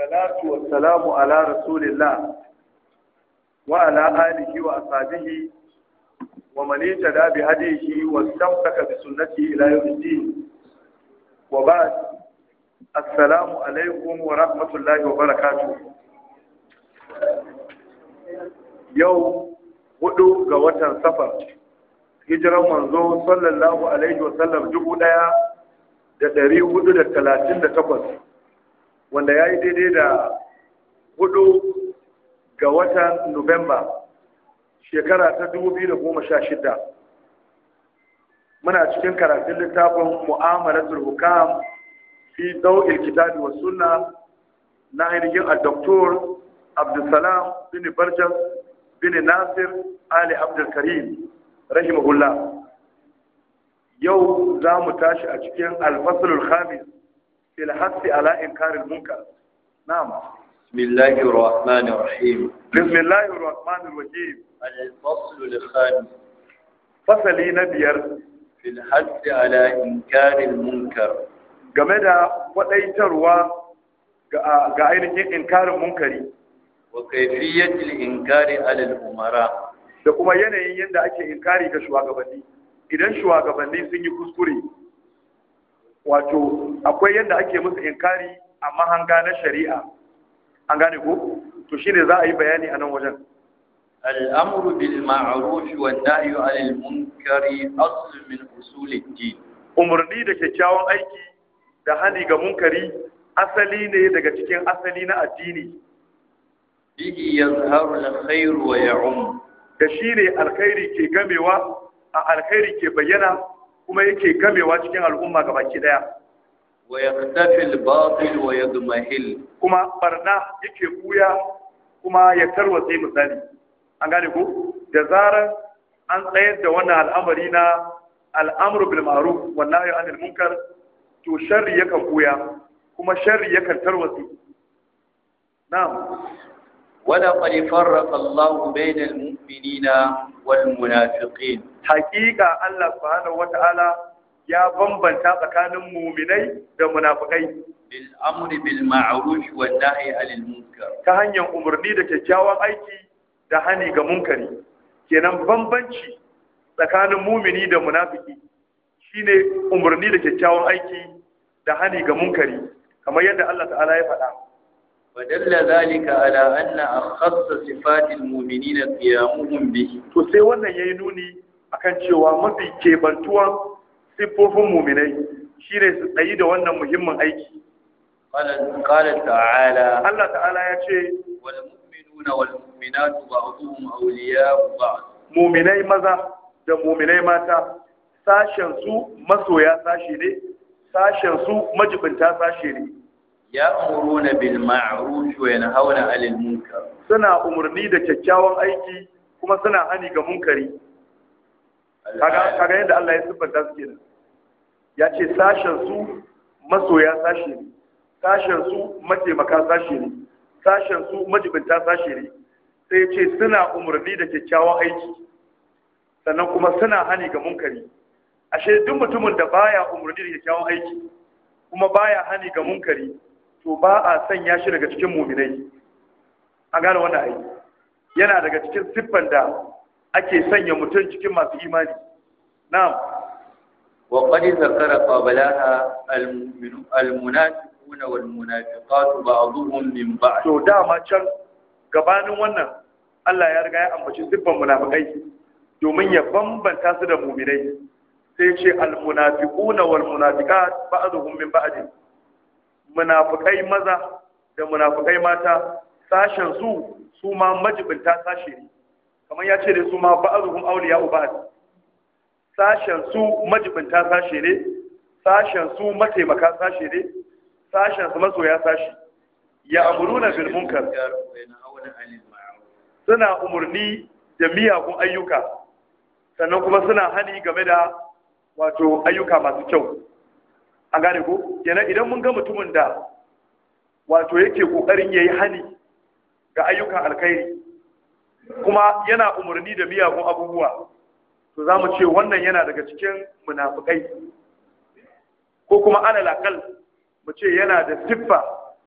salatu wa salamu ala rasulillah wa ala alihi wa ashabihi wa man ittaba bi hadihi wa istamsaka bi sunnatihi ila yawm wa ba'd assalamu alaikum wa rahmatullahi wa barakatuh yau hudu ga watan safar hijiran manzo sallallahu alaihi wa sallam dubu daya da dari hudu da talatin da takwas wanda ya yi daidai da hudu ga watan nuwamba shekara ta 2016 muna cikin karatun littafin mu'amalatul hukam fi dau'il kitabi wa sunna na ainihin a doktor abdulsalam bin barjas bin nasir ali abdulkarim rahimahullah yau za mu tashi a cikin alfasulul khamis fil hasi ala inkaril munkar na'am bismillahir rahmanir rahim bismillahir rahmanir rahim al fasl al khamis fasali na biyar fil hasi ala inkaril game da kwadaitarwa ga ainihin inkarin munkari wa kayfiyatil inkari ala al umara da kuma yanayin yadda ake inkari ga shugabanni idan shugabanni sun yi kuskure wato akwai yadda ake musu inkari a mahanga na shari'a an gane ko to shine za a yi bayani a nan wajen al'amru bil ma'ruf wa nahyu 'anil munkari asl min usul ad-din umurni da kyakkyawan aiki da hani ga munkari asali ne daga cikin asali na addini bihi yazharu al-khair wa ya'um da shine alkhairi ke gamewa a alkhairi ke bayyana kuma yake gamewa cikin al'umma ga baki daya wa yaqtafi al-batil wa kuma barna yake buya kuma ya tarwatse misali an gane ko da zarar an tsayar da wannan al'amari na al'amru bil ma'ruf wa nahyi anil munkar to sharri yakan buya kuma sharri yakan tarwatse na'am ولقد فرق الله بين المؤمنين والمنافقين hakika Allah subhanahu wataala ya bambanta tsakanin muminai da munafikai bil amri bil ma'ruf wan nahyi anil munkar ta hanyar umarni da kyakkyawan aiki da hani ga munkari kenan bambanci tsakanin mumini da munafiki shine umarni da kyakkyawan aiki da hani ga munkari kamar yadda Allah ta'ala ya faɗa ودل ذلك على أن أخص صفات المؤمنين قيامهم به to sai wannan yayi nuni akan cewa mafi kebantuwan siffofin muminai shine su tsayi da wannan muhimmin aiki qala ta'ala Allah ta'ala ya ce wal mu'minuna wal mu'minatu ba'dhum awliya'u ba'd muminai maza da muminai mata sashen su masoya sashi ne sashen su majibinta sashi ne Ya ya'muruna bil ma'ruf wa yanhauna 'anil munkar suna umurni da kyakkyawan aiki kuma suna hani ga munkari kaga kaga yadda Allah ya siffanta su kenan ya ce sashen su masoya sashe ne sashen su mataimaka sashe ne sashen su majibinta sashe ne sai ce suna umarni da kyakkyawan aiki sannan kuma suna hani ga munkari ashe duk mutumin da baya umarni da kyakkyawan aiki kuma baya hani ga munkari to ba a sanya shi daga cikin muminai an gane wannan aiki yana daga cikin siffan da ake sanya mutum cikin masu imani na'am wa qad zakara qablaha al-mu'minu al ba a zuhun ba'dhuhum min ba'd to dama can gabanin wannan Allah ya riga ya ambaci zubban munafikai domin ya bambanta su da mu'minai sai ce al-munafiquna ba a zuhun min ji munafikai maza da munafikai mata sashen su su ma majibinta sashe ne kamar ya ce da su ma ba'aruhum awliya'u ba'd sashen su majibinta sashe ne sashen su mataimaka sashe ne sashen su masoya sashi ya amuruna bil munkar suna umurni da miyagun ayyuka sannan kuma suna hani game da wato ayyuka masu kyau A gane ko yana idan mun ga mutumin da wato yake kokarin yayi hani ga ayyukan alkhairi kuma yana umarni da miyagun abubuwa to za mu ce wannan yana daga cikin munafukai ko kuma alalakal mu ce yana da siffa